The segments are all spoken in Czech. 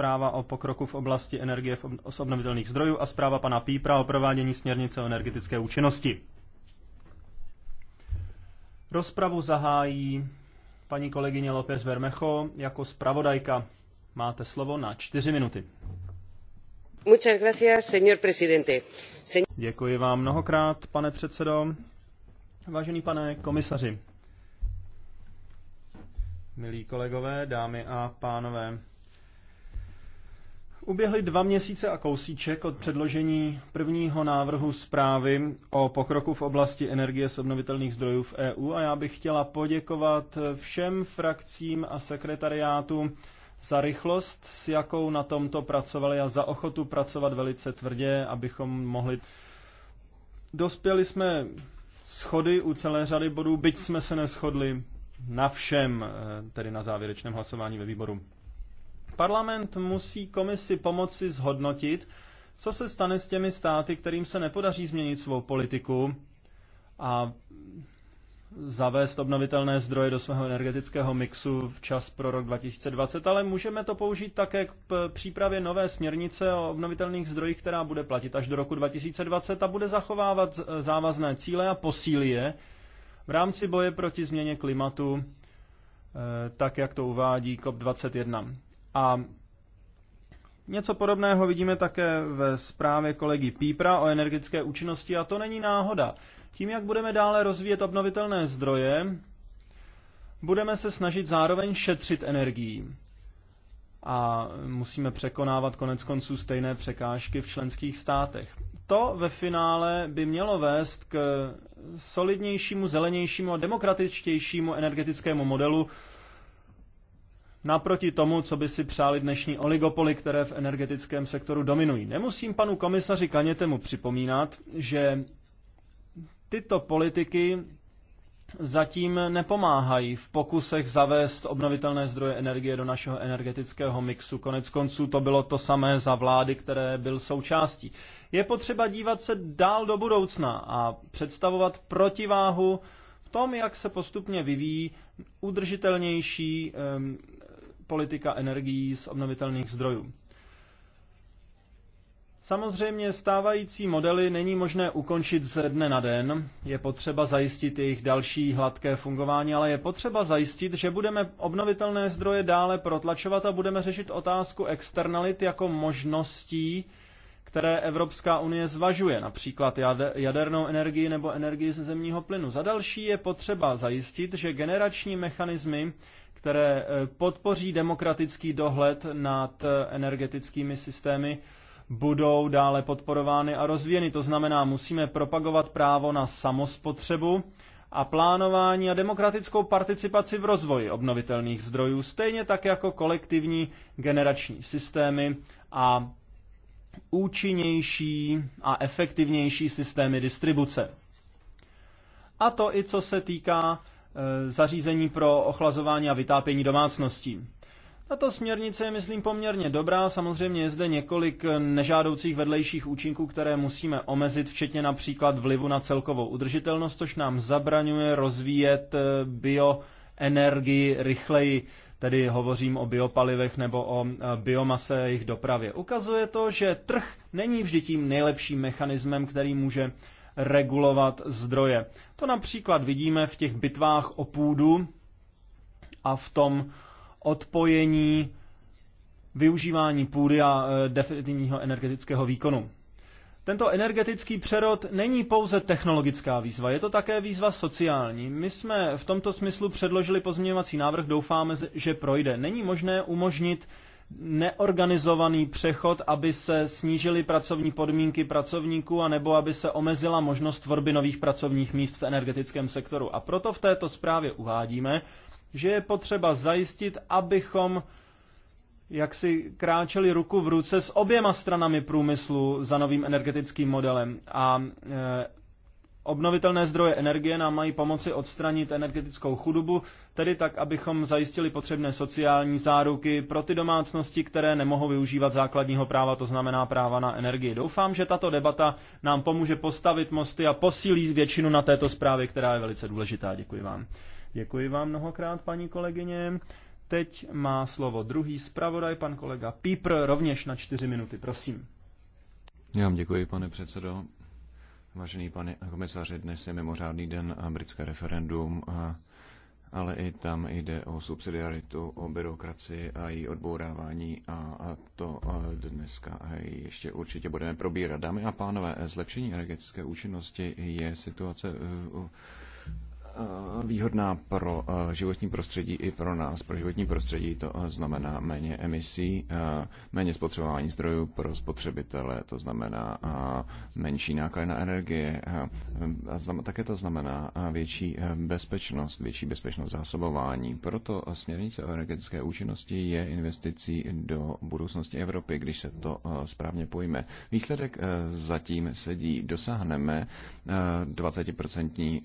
zpráva o pokroku v oblasti energie z obnovitelných zdrojů a zpráva pana Pípra o provádění směrnice o energetické účinnosti. Rozpravu zahájí paní kolegyně López Vermecho jako zpravodajka. Máte slovo na čtyři minuty. Muchas gracias, señor presidente. Señ... Děkuji vám mnohokrát, pane předsedo. Vážený pane komisaři, milí kolegové, dámy a pánové, Uběhly dva měsíce a kousíček od předložení prvního návrhu zprávy o pokroku v oblasti energie z obnovitelných zdrojů v EU a já bych chtěla poděkovat všem frakcím a sekretariátu za rychlost, s jakou na tomto pracovali a za ochotu pracovat velice tvrdě, abychom mohli. Dospěli jsme schody u celé řady bodů, byť jsme se neschodli na všem, eh, tedy na závěrečném hlasování ve výboru. Parlament musí komisi pomoci zhodnotit, co se stane s těmi státy, kterým se nepodaří změnit svou politiku a zavést obnovitelné zdroje do svého energetického mixu včas pro rok 2020, ale můžeme to použít také k přípravě nové směrnice o obnovitelných zdrojích, která bude platit až do roku 2020 a bude zachovávat závazné cíle a posílí je v rámci boje proti změně klimatu, eh, tak jak to uvádí COP21. A něco podobného vidíme také ve zprávě kolegy Pípra o energetické účinnosti a to není náhoda. Tím, jak budeme dále rozvíjet obnovitelné zdroje, budeme se snažit zároveň šetřit energií. A musíme překonávat konec konců stejné překážky v členských státech. To ve finále by mělo vést k solidnějšímu, zelenějšímu a demokratičtějšímu energetickému modelu, naproti tomu, co by si přáli dnešní oligopoly, které v energetickém sektoru dominují. Nemusím panu komisaři Kanětemu připomínat, že tyto politiky zatím nepomáhají v pokusech zavést obnovitelné zdroje energie do našeho energetického mixu. Konec konců to bylo to samé za vlády, které byl součástí. Je potřeba dívat se dál do budoucna a představovat protiváhu v tom, jak se postupně vyvíjí udržitelnější politika energií z obnovitelných zdrojů. Samozřejmě stávající modely není možné ukončit ze dne na den, je potřeba zajistit jejich další hladké fungování, ale je potřeba zajistit, že budeme obnovitelné zdroje dále protlačovat a budeme řešit otázku externalit jako možností, které Evropská unie zvažuje, například jadernou energii nebo energii ze zemního plynu. Za další je potřeba zajistit, že generační mechanismy které eh, podpoří demokratický dohled nad eh, energetickými systémy, budou dále podporovány a rozvíjeny. To znamená, musíme propagovat právo na samospotřebu a plánování a demokratickou participaci v rozvoji obnovitelných zdrojů, stejně tak jako kolektivní generační systémy a účinnější a efektivnější systémy distribuce. A to i co se týká Eh, zařízení pro ochlazování a vytápění domácností. Tato směrnice je, myslím, poměrně dobrá. Samozřejmě je zde několik nežádoucích vedlejších účinků, které musíme omezit, včetně například vlivu na celkovou udržitelnost, což nám zabraňuje rozvíjet eh, bioenergii rychleji. Tedy hovořím o biopalivech nebo o eh, biomase a jejich dopravě. Ukazuje to, že trh není vždy tím nejlepším mechanismem, který může regulovat zdroje. To například vidíme v těch bitvách o půdu a v tom odpojení využívání půdy a e, definitivního energetického výkonu. Tento energetický přerod není pouze technologická výzva, je to také výzva sociální. My jsme v tomto smyslu předložili pozměňovací návrh, doufáme, že projde. Není možné umožnit neorganizovaný přechod, aby se snížily pracovní podmínky pracovníků a nebo aby se omezila možnost tvorby nových pracovních míst v energetickém sektoru. A proto v této zprávě uvádíme, že je potřeba zajistit, abychom jak si kráčeli ruku v ruce s oběma stranami průmyslu za novým energetickým modelem. A e, Obnovitelné zdroje energie nám mají pomoci odstranit energetickou chudobu, tedy tak, abychom zajistili potřebné sociální záruky pro ty domácnosti, které nemohou využívat základního práva, to znamená práva na energii. Doufám, že tato debata nám pomůže postavit mosty a posílí většinu na této zprávě, která je velice důležitá. Děkuji vám. Děkuji vám mnohokrát, paní kolegyně. Teď má slovo druhý zpravodaj, pan kolega Pípr, rovněž na čtyři minuty, prosím. Já vám děkuji, pane předsedo. Vážený pane komisaři, dnes je mimořádný den a britské referendum, a, ale i tam jde o subsidiaritu, o byrokracii a její odbourávání a, a to a dneska ještě určitě budeme probírat. Dámy a pánové, zlepšení energetické účinnosti je situace v, v Eh, výhodná pro eh, životní prostředí i pro nás. Pro životní prostředí to eh, znamená méně emisí, méně spotřebování zdrojů pro spotřebitele, to znamená menší náklady na energie. A také to znamená větší bezpečnost, větší bezpečnost zásobování. Proto směrnice o energetické účinnosti je investicí do budoucnosti Evropy, když se to správně pojme. Výsledek zatím sedí. Dosáhneme 20%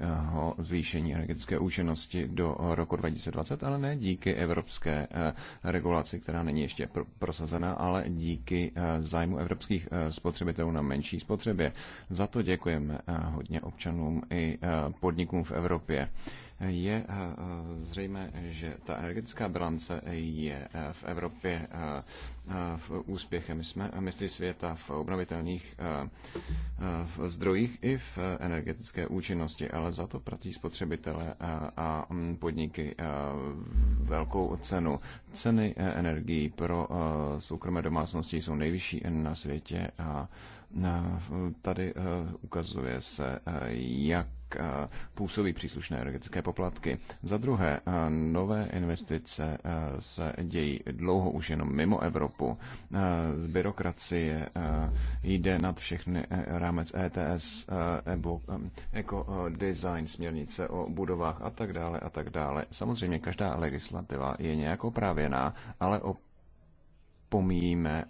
zvýšení zvýšení energetické účinnosti do roku 2020, ale ne díky evropské eh, regulaci, která není ještě prosazená, ale díky eh, zájmu evropských eh, spotřebitelů na menší spotřebě. Za to děkujeme hodně občanům i podnikům v Evropě je eh, eh, zřejmé, že ta energetická bilance je eh, v Evropě v úspěchem. Jsme mistry světa v obnovitelných v zdrojích i v energetické účinnosti, ale za to platí spotřebitele a mm, podniky velkou cenu. Ceny energií pro soukromé domácnosti jsou nejvyšší na světě a Tady eh, ukazuje se, eh, jak eh, působí příslušné energetické poplatky. Za druhé, nové investice se dějí dlouho už jenom mimo Evropu. Z byrokracie jde nad všechny rámec ETS, EBO, jako design, směrnice o budovách a tak dále a tak dále. Samozřejmě každá legislativa je nějak oprávěná, ale opomíjíme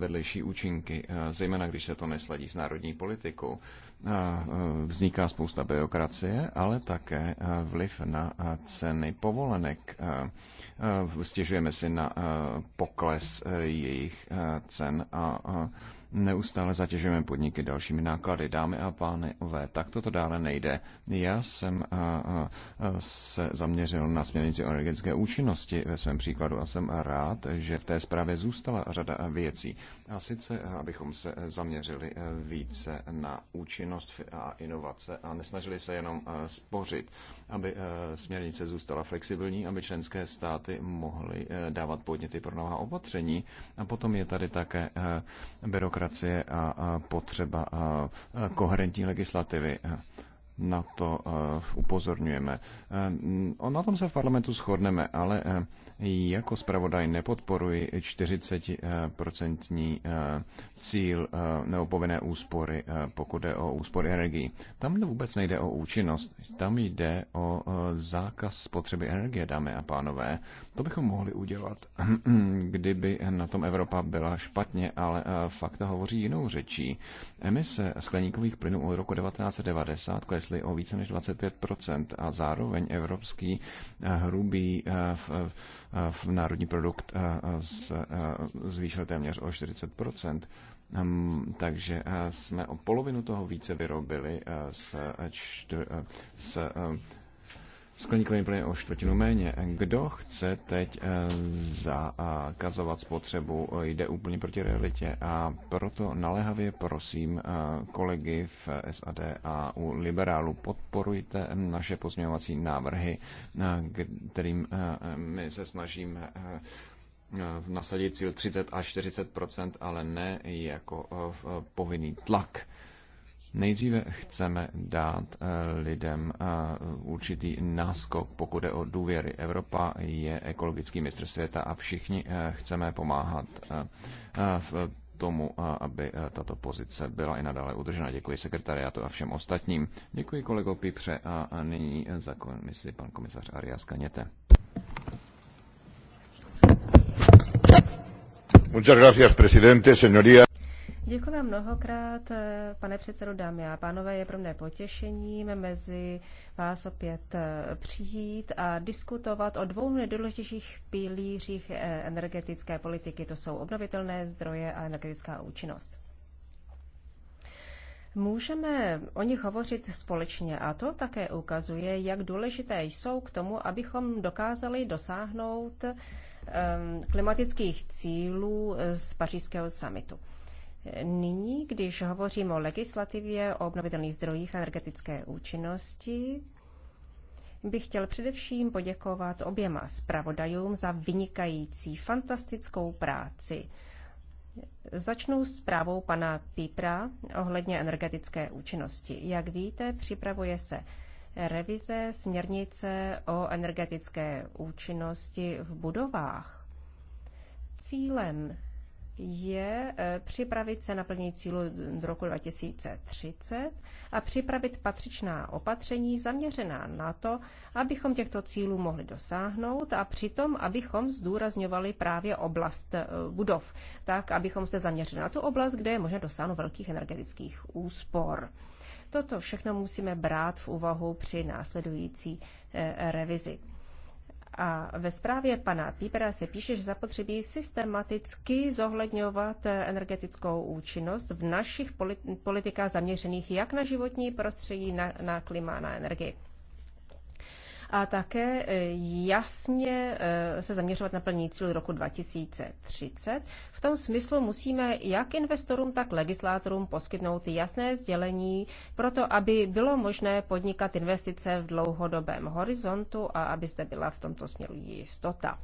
vedlejší účinky, eh, zejména když se to nesladí s národní politikou. Eh, eh, vzniká spousta byrokracie, ale také vliv na ceny povolenek. Stěžujeme si na pokles jejich cen a neustále zatěžujeme podniky dalšími náklady. Dámy a pánové, tak toto dále nejde. Já jsem se zaměřil na směrnici o energetické účinnosti ve svém příkladu a jsem rád, že v té zprávě zůstala řada věcí. A sice, abychom se zaměřili více na účinnost a inovace a nesnažili se jenom spořit aby eh, směrnice zůstala flexibilní, aby členské státy mohly eh, dávat podněty pro nová opatření. A potom je tady také eh, byrokracie a potřeba koherentní legislativy. Na to upozorňujeme. Na tom se v parlamentu shodneme, ale jako zpravodaj nepodporuji 40% eh, cíl eh, neopovinné úspory, eh, pokud jde o úspory energii. Tam vůbec nejde o účinnost, tam jde o zákaz spotřeby energie, dámy a pánové. To bychom mohli udělat, kdyby na tom Evropa byla špatně, ale fakta hovoří jinou řečí. Emise skleníkových plynů od roku 1990 klesly o více než 25% a zároveň evropský hrubý v v národní produkt zvýšil téměř o 40 hm, takže jsme o polovinu toho více vyrobili s, čtyř, s skleníkový plyn o čtvrtinu méně. Kdo chce teď eh, zakazovat spotřebu, eh, jde úplně proti realitě a proto naléhavě prosím eh, kolegy v SAD a u liberálu podporujte naše pozměňovací návrhy, kterým my se snažíme nasadit cíl 30 až 40 ale ne jako povinný tlak Nejdříve chceme dát eh, lidem eh, určitý náskok, pokud je o důvěry. Evropa je ekologický mistr světa a všichni eh, chceme pomáhat v tomu, aby tato pozice byla i nadále udržena. Děkuji sekretariátu a všem ostatním. Děkuji kolego Pipře a nyní za komisi pan komisař Arias Kaněte. Muchas gracias, presidente, señoría. Děkuji vám mnohokrát, eh, pane předsedo, dámy a pánové. Je pro mě potěšením mezi vás opět eh, přijít a diskutovat o dvou nejdůležitějších pilířích eh, energetické politiky. To jsou obnovitelné zdroje a energetická účinnost. Můžeme o nich hovořit společně a to také ukazuje, jak důležité jsou k tomu, abychom dokázali dosáhnout ehm, klimatických cílů z pařížského samitu. Nyní, když hovořím o legislativě o obnovitelných zdrojích a energetické účinnosti, bych chtěl především poděkovat oběma zpravodajům za vynikající fantastickou práci. Začnu s právou pana Pípra ohledně energetické účinnosti. Jak víte, připravuje se revize směrnice o energetické účinnosti v budovách. Cílem je eh, připravit se na plnění cílu do roku 2030 a připravit patřičná opatření zaměřená na to, abychom těchto cílů mohli dosáhnout a přitom, abychom zdůrazňovali právě oblast eh, budov, tak abychom se zaměřili na tu oblast, kde je možné dosáhnout velkých energetických úspor. Toto všechno musíme brát v úvahu při následující eh, revizi. A ve zprávě pana Pípera se píše, že zapotřebí systematicky zohledňovat energetickou účinnost v našich politikách zaměřených jak na životní prostředí, na, na klima, na energii a také e, jasně e, se zaměřovat na plní cíl roku 2030. V tom smyslu musíme jak investorům, tak legislátorům poskytnout jasné sdělení, proto aby bylo možné podnikat investice v dlouhodobém horizontu a aby zde byla v tomto směru jistota.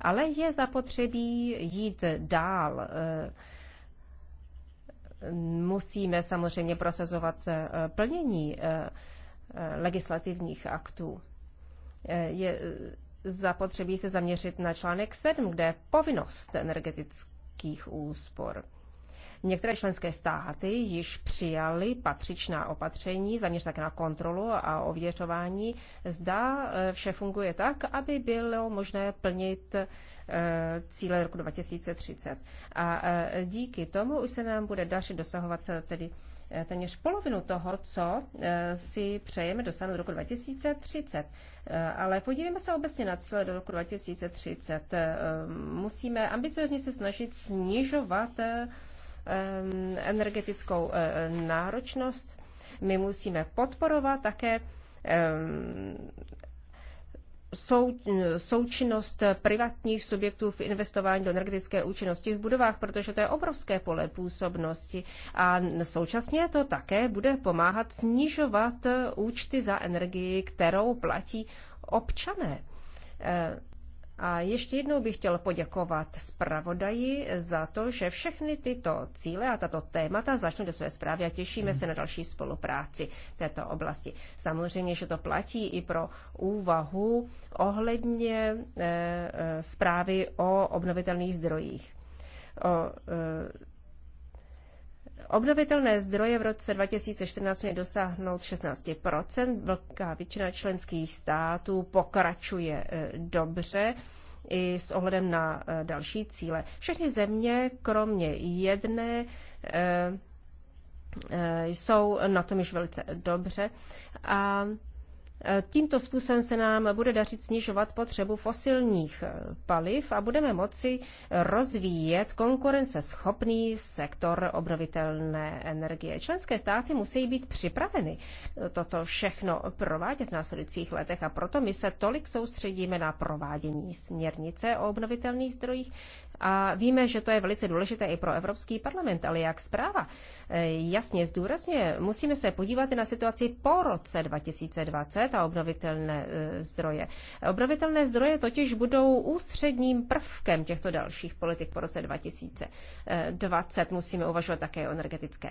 Ale je zapotřebí jít dál. E, musíme samozřejmě prosazovat plnění legislativních aktů. Eh, je eh, zapotřebí se zaměřit na článek 7, kde je povinnost energetických úspor. Některé členské státy již přijaly patřičná opatření, zaměř také na kontrolu a ověřování. Zda eh, vše funguje tak, aby bylo možné plnit cíle roku 2030. A díky tomu už se nám bude dařit dosahovat tedy téměř polovinu toho, co eh, si přejeme dosáhnout do roku 2030. Eh, ale podívejme se obecně na cíle do roku 2030. Eh, musíme ambiciozně se snažit snižovat energetickou náročnost. My musíme podporovat také sou, součinnost privátních subjektů v investování do energetické účinnosti v budovách, protože to je obrovské pole působnosti a současně to také bude pomáhat snižovat účty za energii, kterou platí občané. Eh, a ještě jednou bych chtěl poděkovat zpravodaji za to, že všechny tyto cíle a tato témata začnou do své zprávy a těšíme se na další spolupráci v této oblasti. Samozřejmě, že to platí i pro úvahu ohledně eh, eh, zprávy o obnovitelných zdrojích. O, e, Obnovitelné zdroje v roce 2014 měly dosáhnout 16 Velká většina členských států pokračuje e, dobře i s ohledem na e, další cíle. Všechny země, kromě jedné, e, jsou na tom již velice dobře. A Tímto způsobem se nám bude dařit snižovat potřebu fosilních eh, paliv a budeme moci rozvíjet konkurenceschopný sektor obnovitelné energie. Členské státy musí být připraveny eh, toto všechno provádět v následujících letech a proto my se tolik soustředíme na provádění směrnice o obnovitelných zdrojích a víme, že to je velice důležité i pro Evropský parlament, ale jak zpráva eh, jasně zdůrazňuje, musíme se podívat i na situaci po roce 2020 svět a obnovitelné e, zdroje. Obnovitelné zdroje totiž budou ústředním prvkem těchto dalších politik po roce 2020. Musíme uvažovat také o energetické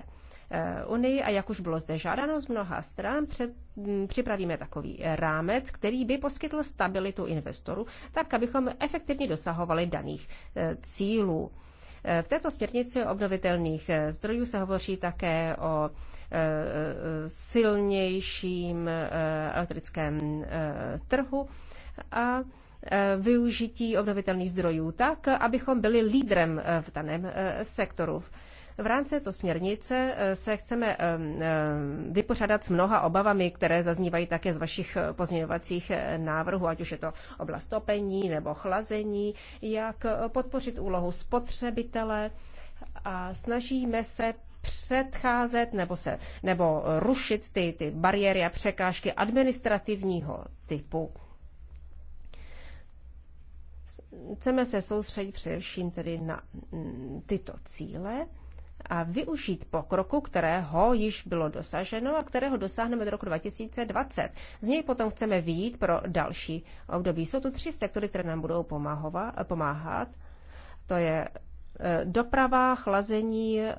e, unii a jak už bylo zde žádáno z mnoha stran, před, připravíme takový rámec, který by poskytl stabilitu investoru, tak abychom efektivně dosahovali daných e, cílů. V této směrnici o obnovitelných eh, zdrojů se hovoří také o eh, eh, silnějším elektrickém trhu a využití obnovitelných zdrojů tak, abychom byli lídrem v daném sektoru. V rámci této směrnice eh, se chceme eh, eh, vypořádat s mnoha obavami, které zaznívají také z vašich pozměňovacích návrhů, ať už je to oblast topení nebo chlazení, jak podpořit úlohu spotřebitele a snažíme se předcházet nebo, se, nebo rušit ty, ty bariéry a překážky administrativního typu. Chceme se soustředit především tedy na mm, tyto cíle a využít pokroku, kterého již bylo dosaženo a kterého dosáhneme do roku 2020. Z něj potom chceme výjít pro další období. Jsou tu tři sektory, které nám budou pomáhat. To je e, doprava, chlazení, e,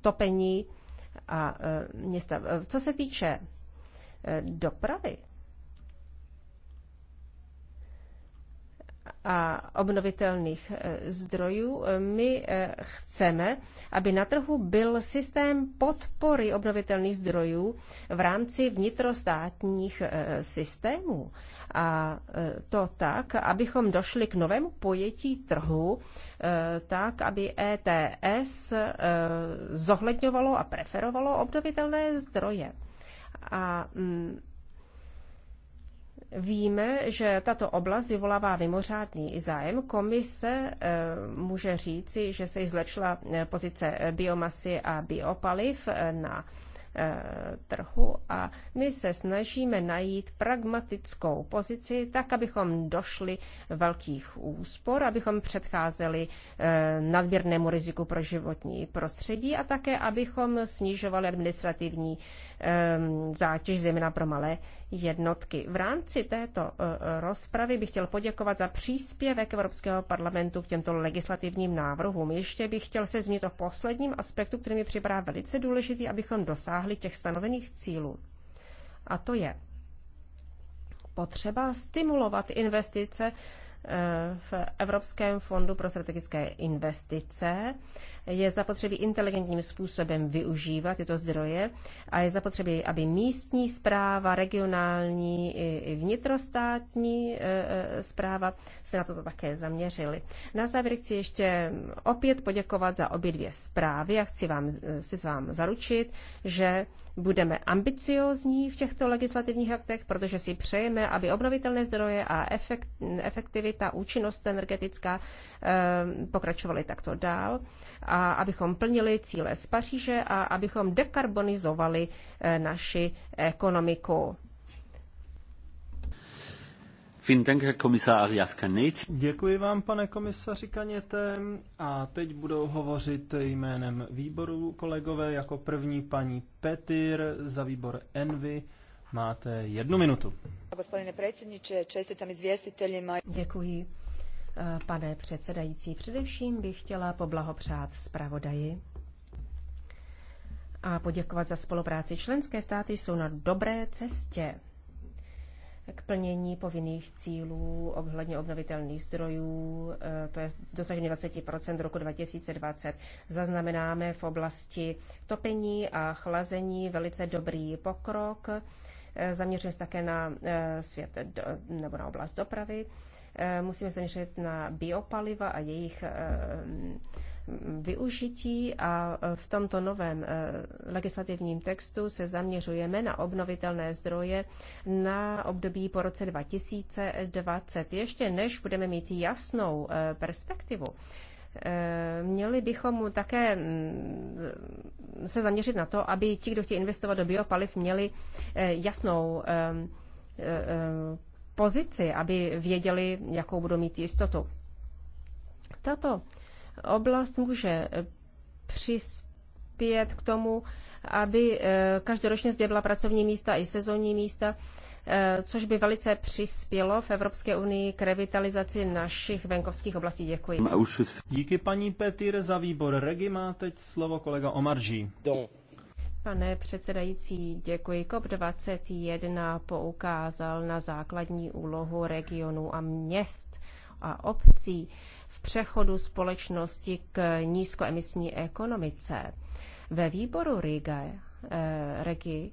topení a e, města. Co se týče dopravy, a obnovitelných e, zdrojů. E, my e, chceme, aby na trhu byl systém podpory obnovitelných zdrojů v rámci vnitrostátních systémů. A to tak, abychom došli k novému pojetí trhu, tak, aby ETS zohledňovalo a preferovalo obnovitelné zdroje. A mm, Víme, že tato oblast vyvolává mimořádný zájem. Komise eh, může říci, že se zlepšila eh, pozice biomasy a biopaliv eh, na trhu a my se snažíme najít pragmatickou pozici tak, abychom došli velkých úspor, abychom předcházeli nadměrnému riziku pro životní prostředí a také, abychom snižovali administrativní zátěž, zejména pro malé jednotky. V rámci této e, e, rozpravy bych chtěl poděkovat za příspěvek Evropského parlamentu k těmto legislativním návrhům. Ještě bych chtěl se zmínit o posledním aspektu, který mi připadá velice důležitý, abychom dosáhli těch stanovených cílů. A to je potřeba stimulovat investice Eh, v Evropském fondu pro strategické investice. Je zapotřebí inteligentním způsobem využívat tyto zdroje a je zapotřebí, aby místní zpráva, regionální i vnitrostátní zpráva eh, eh, se na toto také zaměřily. Na závěr chci ještě opět poděkovat za obě dvě zprávy a chci vám, si s vám zaručit, že Budeme ambiciózní v těchto legislativních aktech, protože si přejeme, aby obnovitelné zdroje a efekt, efektivita, účinnost energetická eh, pokračovaly takto dál a abychom plnili cíle z Paříže a abychom dekarbonizovali eh, naši ekonomiku. Děkuji vám, pane komisaři Kaněte. A teď budou hovořit jménem výboru kolegové. Jako první paní Petir za výbor Envy. Máte jednu minutu. Děkuji, eh, pane předsedající. Především bych chtěla poblahopřát zpravodaji a poděkovat za spolupráci. Členské státy jsou na dobré cestě k plnění povinných cílů ohledně obnovitelných zdrojů, e, to je dosažení 20 roku 2020. Zaznamenáme v oblasti topení a chlazení velice dobrý pokrok. E, zaměřujeme se také na e, svět nebo na oblast dopravy. Musíme zaměřit na biopaliva a jejich využití a e, v tomto novém e, legislativním textu se zaměřujeme na obnovitelné zdroje na období po roce 2020. Ještě než budeme mít jasnou e, perspektivu, měli bychom také se zaměřit na to, aby ti, kdo chtějí investovat do biopaliv, měli jasnou pozici, aby věděli, jakou budou mít jistotu. Tato oblast může eh, přispět k tomu, aby eh, každoročně zde byla pracovní místa i sezónní místa, eh, což by velice přispělo v Evropské unii k revitalizaci našich venkovských oblastí. Děkuji. Díky paní Petýr za výbor Regi. Má teď slovo kolega Omarží. Pane předsedající, děkuji. COP21 poukázal na základní úlohu regionů a měst a obcí v přechodu společnosti k nízkoemisní ekonomice. Ve výboru Riga, eh, Regi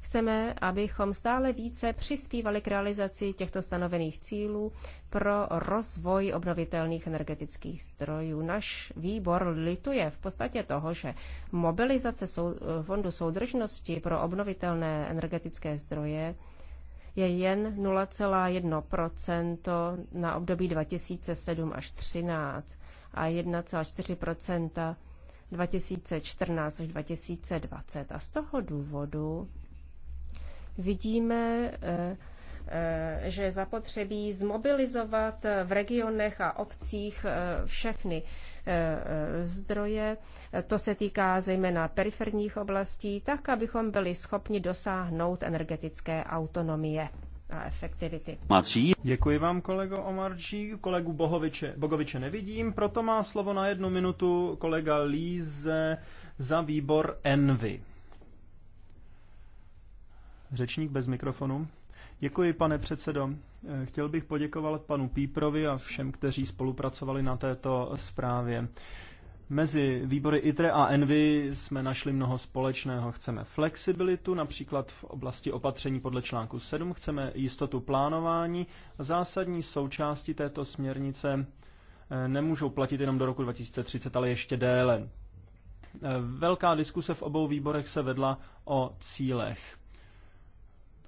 chceme, abychom stále více přispívali k realizaci těchto stanovených cílů pro rozvoj obnovitelných energetických strojů. Náš výbor lituje v podstatě toho, že mobilizace sou, fondu soudržnosti pro obnovitelné energetické zdroje je jen 0,1 na období 2007 až 2013 a 1,4 2014 až 2020. A z toho důvodu vidíme eh, Eh, že je zapotřebí zmobilizovat v regionech a obcích eh, všechny eh, zdroje. To se týká zejména periferních oblastí, tak, abychom byli schopni dosáhnout energetické autonomie a efektivity. Mací. Děkuji vám, kolego Omarčí. Kolegu Bohoviče, Bogoviče nevidím, proto má slovo na jednu minutu kolega Líze za výbor Envy. Řečník bez mikrofonu. Děkuji, pane předsedo. Eh, chtěl bych poděkovat panu Píprovi a všem, kteří spolupracovali na této zprávě. Mezi výbory ITRE a ENVY jsme našli mnoho společného. Chceme flexibilitu, například v oblasti opatření podle článku 7, chceme jistotu plánování. Zásadní součástí této směrnice eh, nemůžou platit jenom do roku 2030, ale ještě déle. Eh, velká diskuse v obou výborech se vedla o cílech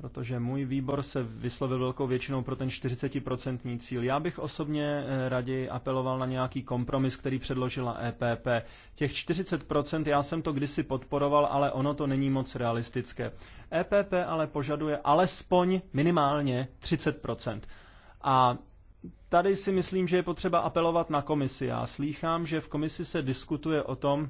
protože můj výbor se vyslovil velkou většinou pro ten 40% cíl. Já bych osobně eh, raději apeloval na nějaký kompromis, který předložila EPP. Těch 40% já jsem to kdysi podporoval, ale ono to není moc realistické. EPP ale požaduje alespoň minimálně 30%. A tady si myslím, že je potřeba apelovat na komisi. Já slýchám, že v komisi se diskutuje o tom,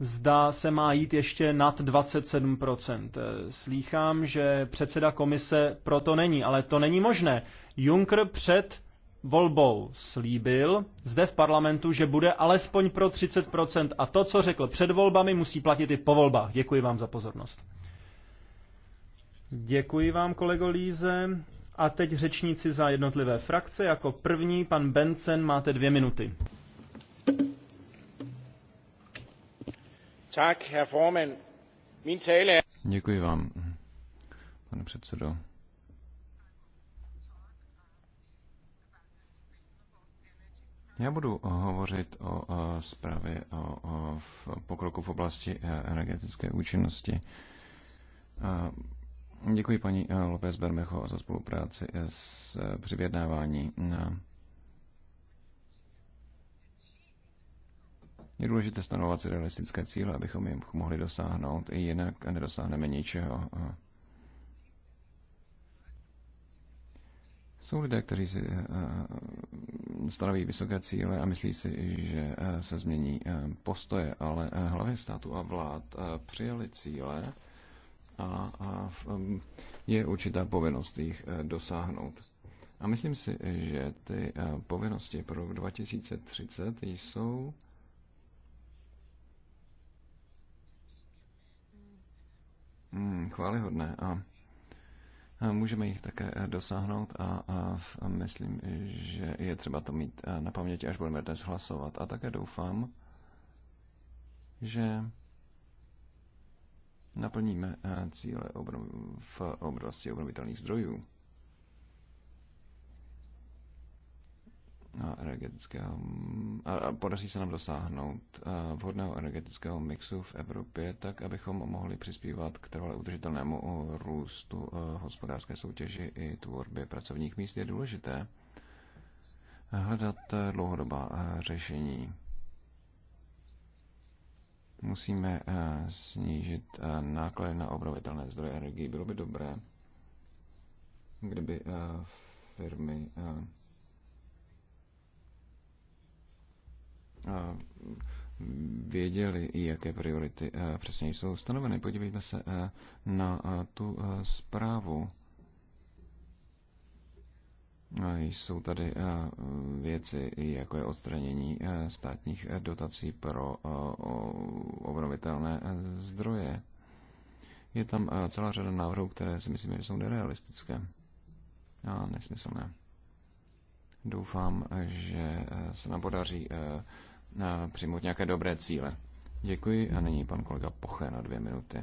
zda se má jít ještě nad 27%. Eh, slýchám, že předseda komise proto není, ale to není možné. Juncker před volbou slíbil zde v parlamentu, že bude alespoň pro 30% a to, co řekl před volbami, musí platit i po volbách. Děkuji vám za pozornost. Děkuji vám, kolego Líze. A teď řečníci za jednotlivé frakce. Jako první pan Benson máte dvě minuty. Er- děkuji vám, pane předsedo. Já budu hovořit o, zprávě o, o v pokroku v oblasti eh, energetické účinnosti. Eh, děkuji paní eh, López Bermecho za spolupráci s, přivědnávání. vyjednávání na Je důležité stanovat si realistické cíle, abychom jim mohli dosáhnout, i jinak nedosáhneme ničeho. Jsou lidé, kteří si eh, eh, stanoví vysoké cíle a myslí si, že eh, se změní postoje, ale hlavy státu a vlád přijali cíle a, a je určitá povinnost jich dosáhnout. A myslím si, že ty povinnosti pro rok 2030 jsou Hmm, chválihodné a, a můžeme jich také eh, dosáhnout a, a, a myslím, že je třeba to mít eh, na paměti, až budeme dnes hlasovat. A také doufám, že naplníme eh, cíle v oblasti obnovitelných zdrojů. a energetického, a podaří se nám dosáhnout vhodného energetického mixu v Evropě, tak abychom mohli přispívat k trvale udržitelnému uh, růstu uh, hospodářské soutěži i tvorbě pracovních míst. Je důležité hledat uh, dlouhodobá řešení. Musíme snížit náklady na obnovitelné zdroje energie. Bylo by dobré, kdyby firmy věděli, jaké priority přesně jsou stanoveny. Podívejme se na tu zprávu. Jsou tady věci, jako je odstranění státních dotací pro obnovitelné zdroje. Je tam celá řada návrhů, které si myslím, že jsou nerealistické a nesmyslné. Doufám, že se nám podaří přijmout nějaké dobré cíle. Děkuji a nyní pan kolega Poche na dvě minuty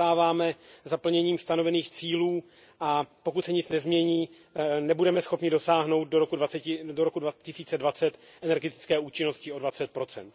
zaostáváme za plněním stanovených cílů a pokud se nic nezmění eh, nebudeme schopni dosáhnout do roku two thousand and twenty energetické účinnosti o twenty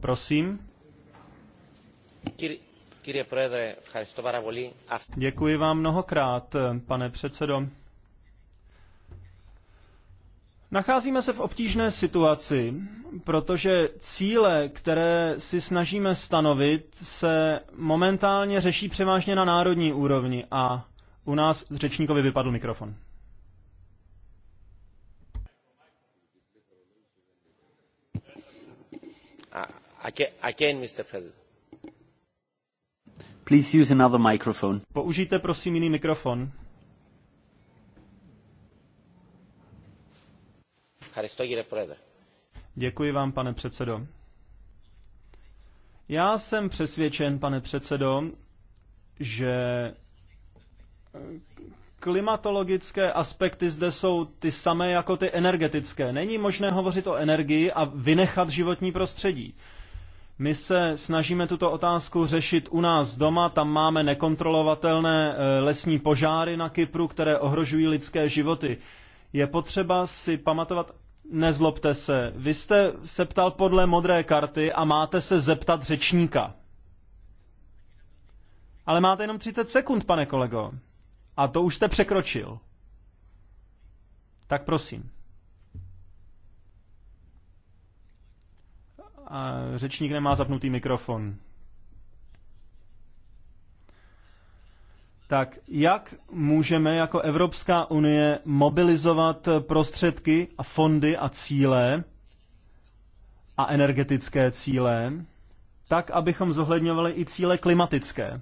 Prosím. Děkuji vám mnohokrát, pane předsedo. Nacházíme se v obtížné situaci, protože cíle, které si snažíme stanovit, se momentálně řeší převážně na národní úrovni a u nás řečníkovi vypadl mikrofon. Again, Mr. President. Please use another microphone. Použijte prosím jiný mikrofon. Děkuji vám, pane předsedo. Já jsem přesvědčen, pane předsedo, že eh, klimatologické aspekty zde jsou ty samé jako ty energetické. Není možné hovořit o energii a vynechat životní prostředí. My se snažíme tuto otázku řešit u nás doma, tam máme nekontrolovatelné eh, lesní požáry na Kypru, které ohrožují lidské životy. Je potřeba si pamatovat, nezlobte se, vy jste se ptal podle modré karty a máte se zeptat řečníka. Ale máte jenom 30 sekund, pane kolego. A to už jste překročil. Tak prosím. A řečník nemá zapnutý mikrofon. Tak jak můžeme jako Evropská unie mobilizovat prostředky a fondy a cíle a energetické cíle, tak abychom zohledňovali i cíle klimatické?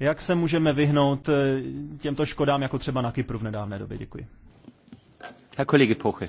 Jak se můžeme vyhnout eh, těmto škodám, jako třeba na Kypru v nedávné době? Děkuji. Herr Kollege Poche.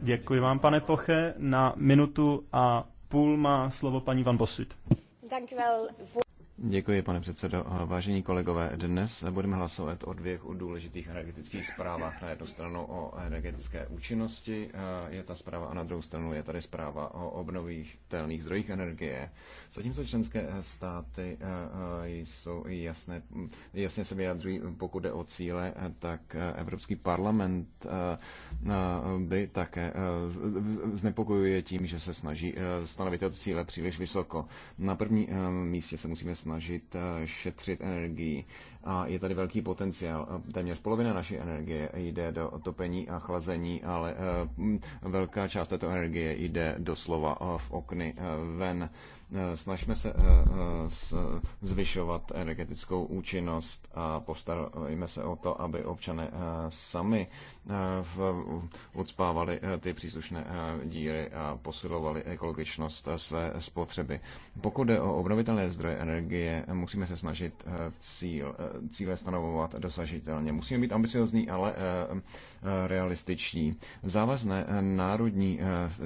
Děkuji vám, pane Poche. Na minutu a půl má slovo paní Van Bosit. Děkuji, pane předsedo. Vážení kolegové, dnes budeme hlasovat o dvě důležitých energetických zprávách. Na jednu stranu o energetické účinnosti je ta zpráva a na druhou stranu je tady zpráva o obnovitelných zdrojích energie. Zatímco členské státy eh, eh, jsou jasné, jasně se vyjadřují, pokud jde o cíle, tak eh, Evropský parlament by také znepokojuje tím, že se snaží stanovit od cíle příliš vysoko. Na první místě se musíme snažit eh, šetřit energii. A je tady velký potenciál. Téměř polovina naší energie jde do topení a chlazení, ale eh, velká část této energie jde doslova eh, v okny ven. Eh, snažme se eh, eh, zvyšovat energetickou účinnost a postarujme se o to, aby občané sami odspávali ty příslušné díry a posilovali ekologičnost své spotřeby. Pokud jde o obnovitelné zdroje energie, musíme se snažit cíl, cíle stanovovat dosažitelně. Musíme být ambiciozní, ale realističní. Závazné národní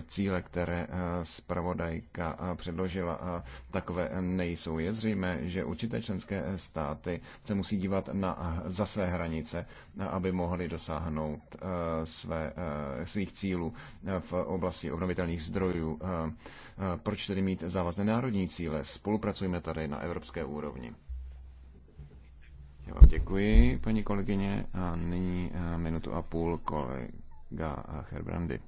cíle, které zpravodajka předložila, legislativa takové nejsou. Je zřejmé, že určité členské státy se musí dívat na, za své hranice, aby mohly dosáhnout eh, své, eh, svých cílů eh, v oblasti obnovitelných zdrojů. Proč tedy mít závazné národní cíle? Spolupracujeme tady na evropské úrovni. Já vám děkuji, paní kolegyně, a nyní minutu a půl kolega Herbrandy.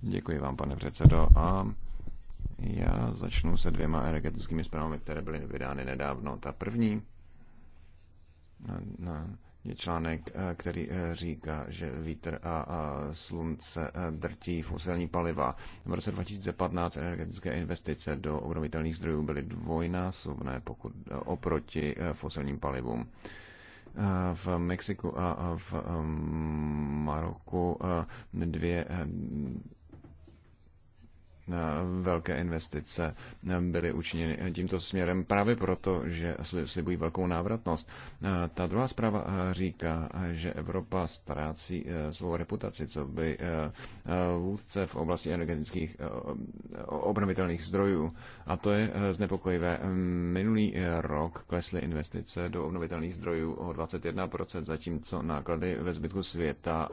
Děkuji vám, pane předsedo, a já začnu se dvěma energetickými zprávami, které byly vydány nedávno. Ta první je článek, eh, který eh, říká, že vítr a slunce eh, drtí fosilní paliva. V roce 2015 energetické investice do obnovitelných zdrojů byly dvojnásobné pokud, oproti fosilním palivům v Mexiku a v Maroku dvě velké investice byly učiněny tímto směrem právě proto, že slibují velkou návratnost. Ta druhá zpráva říká, že Evropa ztrácí e, svou reputaci, co by e, e, vůdce v oblasti energetických obnovitelných zdrojů. A to je znepokojivé. Minulý rok klesly investice do obnovitelných zdrojů o 21%, zatímco náklady ve zbytku světa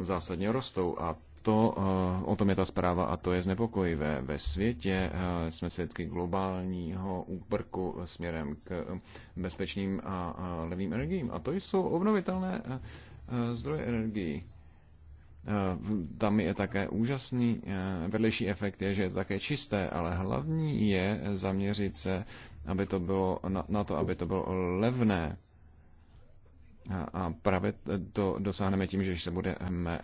zásadně rostou a to, eh, o tom je ta zpráva a to je znepokojivé. Ve světě eh, jsme svědky globálního úprku směrem k bezpečným a levným energiím. A to jsou obnovitelné eh, zdroje energií. Tam je také úžasný vedlejší efekt, je, že je to také čisté, ale hlavní je zaměřit se aby to bylo, na, na to, aby to bylo levné. A, a právě to dosáhneme tím, že se budeme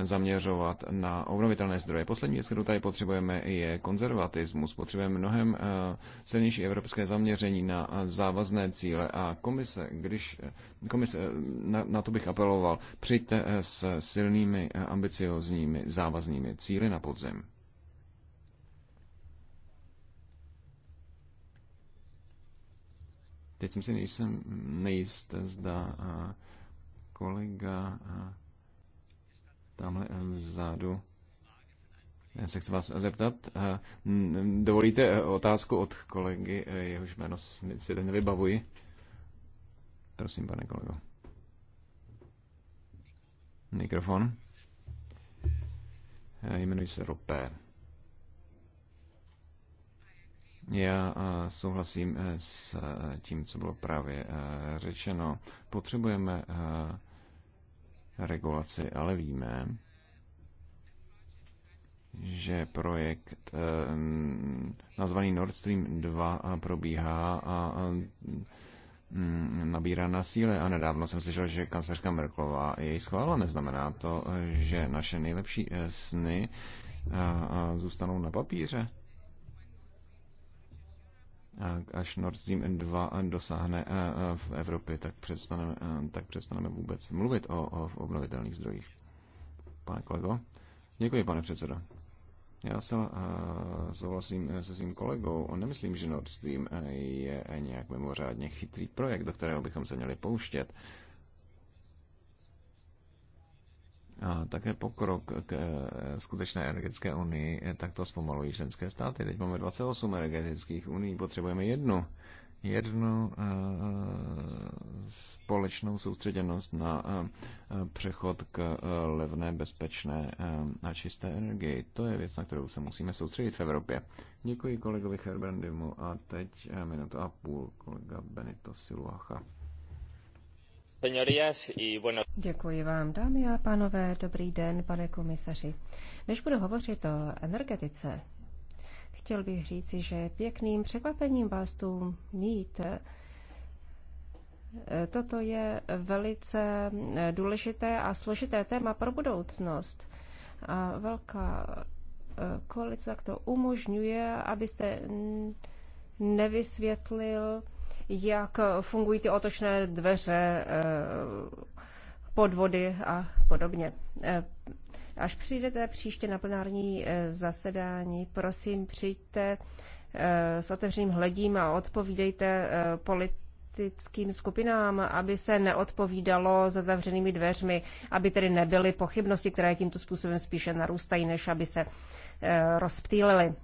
zaměřovat na obnovitelné zdroje. Poslední věc, kterou tady potřebujeme, je konzervatismus. Potřebujeme mnohem eh, silnější evropské zaměření na eh, závazné cíle a komise, když eh, komise, na, na to bych apeloval, přijďte s silnými, ambiciozními, závaznými cíly na podzim. Teď jsem si nejsem nejist, zda a kolega a tamhle eh, vzadu. Já se chci vás zeptat. Eh, dovolíte eh, otázku od kolegy, jehož jméno si teď nevybavuji? Prosím, pane kolego. Mikrofon. Jmenuji se Rupé. Já souhlasím s tím, co bylo právě řečeno. Potřebujeme regulaci, ale víme, že projekt eh, nazvaný Nord Stream 2 eh, probíhá a eh, mm, nabírá na síle a nedávno jsem slyšel, že kancelářka Merklová jej schválila. Neznamená to, že naše nejlepší sny zůstanou na papíře? až Nord Stream 2 dosáhne eh, eh, v Evropě, tak přestaneme, eh, tak přestaneme vůbec mluvit o, o obnovitelných zdrojích. Pane kolego? Děkuji, pane předsedo. Já jsem uh, souhlasím se svým kolegou. On nemyslím, že Nord Stream je nějak mimořádně chytrý projekt, do kterého bychom se měli pouštět. také pokrok k eh, skutečné energetické unii, eh, tak to zpomalují členské státy. Teď máme 28 energetických unii, potřebujeme jednu. Jednu eh, společnou soustředěnost na přechod k levné, bezpečné a čisté energii. To je věc, na kterou se musíme soustředit v Evropě. Děkuji kolegovi Herbrandimu a teď minutu a půl kolega Benito Siluacha. Děkuji vám, dámy a pánové. Dobrý den, pane komisaři. Než budu hovořit o energetice, chtěl bych říci, že pěkným překvapením vás tu mít. Eh, toto je velice eh, důležité a složité téma pro budoucnost. A velká eh, koalice tak to umožňuje, abyste nevysvětlil jak fungují ty otočné dveře, eh, podvody a podobně. Eh, až přijdete příště na plenární eh, zasedání, prosím, přijďte s otevřeným hledím a odpovídejte politickým skupinám, aby se neodpovídalo za zavřenými dveřmi, aby tedy nebyly pochybnosti, které tímto způsobem spíše narůstají, než aby se rozptýlily.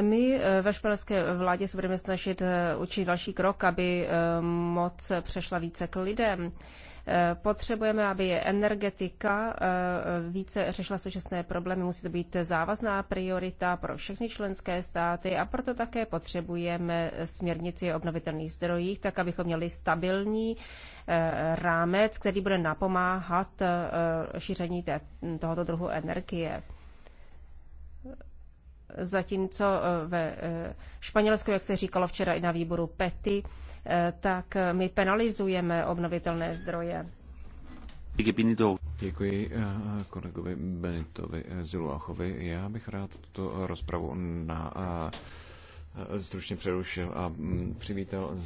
My eh, ve španělské vládě se budeme snažit eh, učit další krok, aby eh, moc přešla více k lidem. Potřebujeme, aby energetika více řešila současné problémy. Musí to být závazná priorita pro všechny členské státy a proto také potřebujeme směrnici o obnovitelných zdrojích, tak abychom měli stabilní rámec, který bude napomáhat šíření tohoto druhu energie. Zatímco eh, ve eh, Španělsku, jak se říkalo včera i na výboru PETI, eh, tak my penalizujeme obnovitelné zdroje. Děkuji kolegovi Benitovi Ziluachovi. Já bych rád tuto rozpravu na stručně přerušil a mm, přivítal